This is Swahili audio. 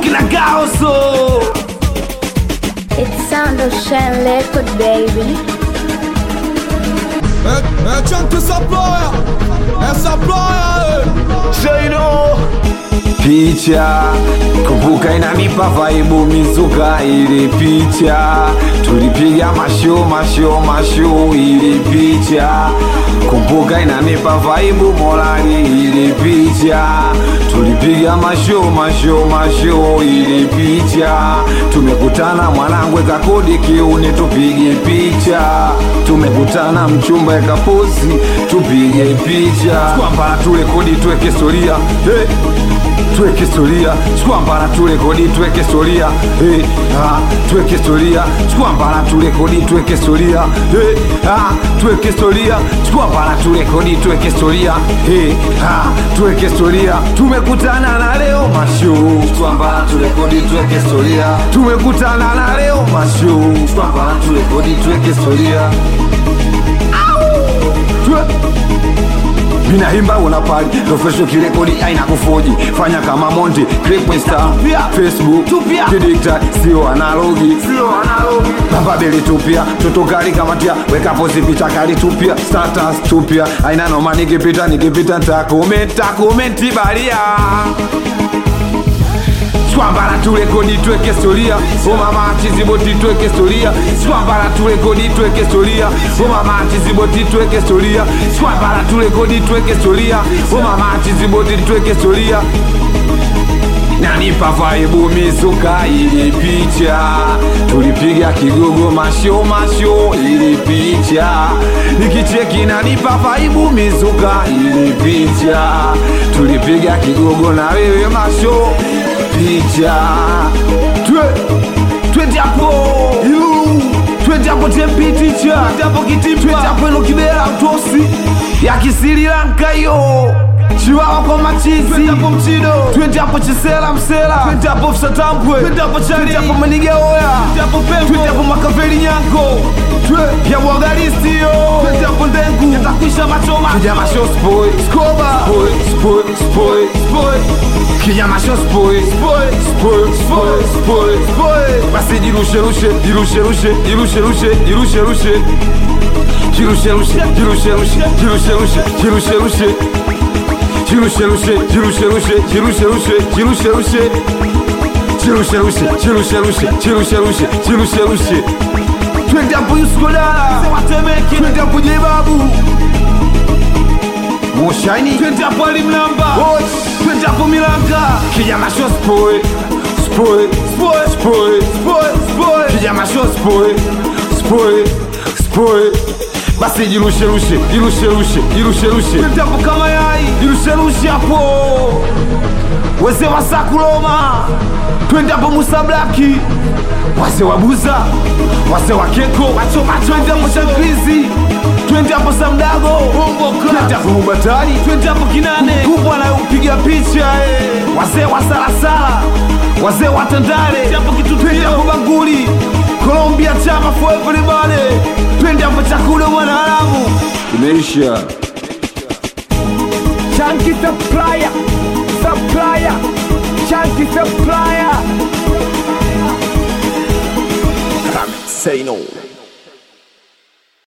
kina Gaoso. It's sound of Shen Liquid baby. É, eh, é eh, tchan que saploya, é saploya, é. Shaino. Picha kumbuka, inanipa vaibu mizuka. Ili picha tulipiga mashu mashu mashu. Ili picha kumbuka, inanipa vaibu molani Ili picha tulipiga masho masho masho, ilipicha tumekutana, mwanangu ekakodi kodi kiuni, tupige picha tumekutana, mchumba eka pozi, tupige picha kwamba tule kodi historia hey tuweke historia, skwambana turekodi, tuweke historia hey, ah, tuweke historia, skwambana turekodi, tuweke historia hey, ah, tuweke historia, skwambana turekodi, tuweke historia hey, ah, tuweke historia, tumekutana na leo mashu, skwambana turekodi, tuweke historia, tumekutana na leo mashu, skwambana turekodi, tuweke historia vinaimba unapali profesho kirekodi aina kufoji fanya kama monti kripwesta facebook tupia kidikta sio analogi beli tupia tia kamatia wekapozi picha kali tupia status tupia aina noma nikipita nikipita takomentakomentibalia Twambala tuleko nitweke storia omama tizibo titweke storia twambala tuleko nitweke storia omama tizibo titweke storia twambala tuleko nitweke storia omama tizibo titweke storia nanipa vaibu misuka ili picha tulipiga kigogo masho masho ili picha nikicheki nanipa vaibu misuka ili picha tulipiga kigogo na wewe masho tempija tweapo tweapo tempitica apokitiapo inokibera mtosi yakisilila nkayo chivawa kwa machiziapo mchido tweapo chisela msela apo fisatambwe apo manigeoe popełnią Twitter Machiavelli Niango Białą Garistią Twitter po dengu Nie tak mi siama czoma Kiedy ma się spój Skoba Spój, spój, spój, spój Kiedy ma się spój Spój, spój, spój, spój, spój Właśnie i ruszy, ruszy, i ruszy, ruszy, i ruszy, ruszy, się ruszy, ruszy się ruszy, ruszy, się ruszy, ruszy, się ruszy, ruszy, się ruszy, ruszy się ruszy, cirusie, się ruszy, rusie, się ruszy Chirushe rushe, chirushe rushe, chirushe rushe, chirushe rushe. Twende lamba, Yuskola, Watemeke, twende hapo Jebabu. Moshaini, twende hapo Alimlamba. Twende hapo Milanga. Kijana sho spoe. Spoe, spoe, spoe, spoe, spoe. Kijana sho spoe. Spoe, spoe. Basi jirushe rushe, jirushe rushe, jirushe rushe. Twende hapo kama yai. Jirushe rushe hapo. Wazee wa Sakuroma twende hapo Musa Blaki, wase wa Buza, wase wa Keko, twende hapo Shankizi, twende hapo Samdago, twende hapo Mubatari, twende hapo Kinane kubwa anayopiga picha eh. wase wa Sarasara, wase wa Tandale, twende hapo Baguli Colombia, chama for everybody, twende hapo chakula mwanaharamu imeisha Chanki supplier supplier shanty supplier. Say no.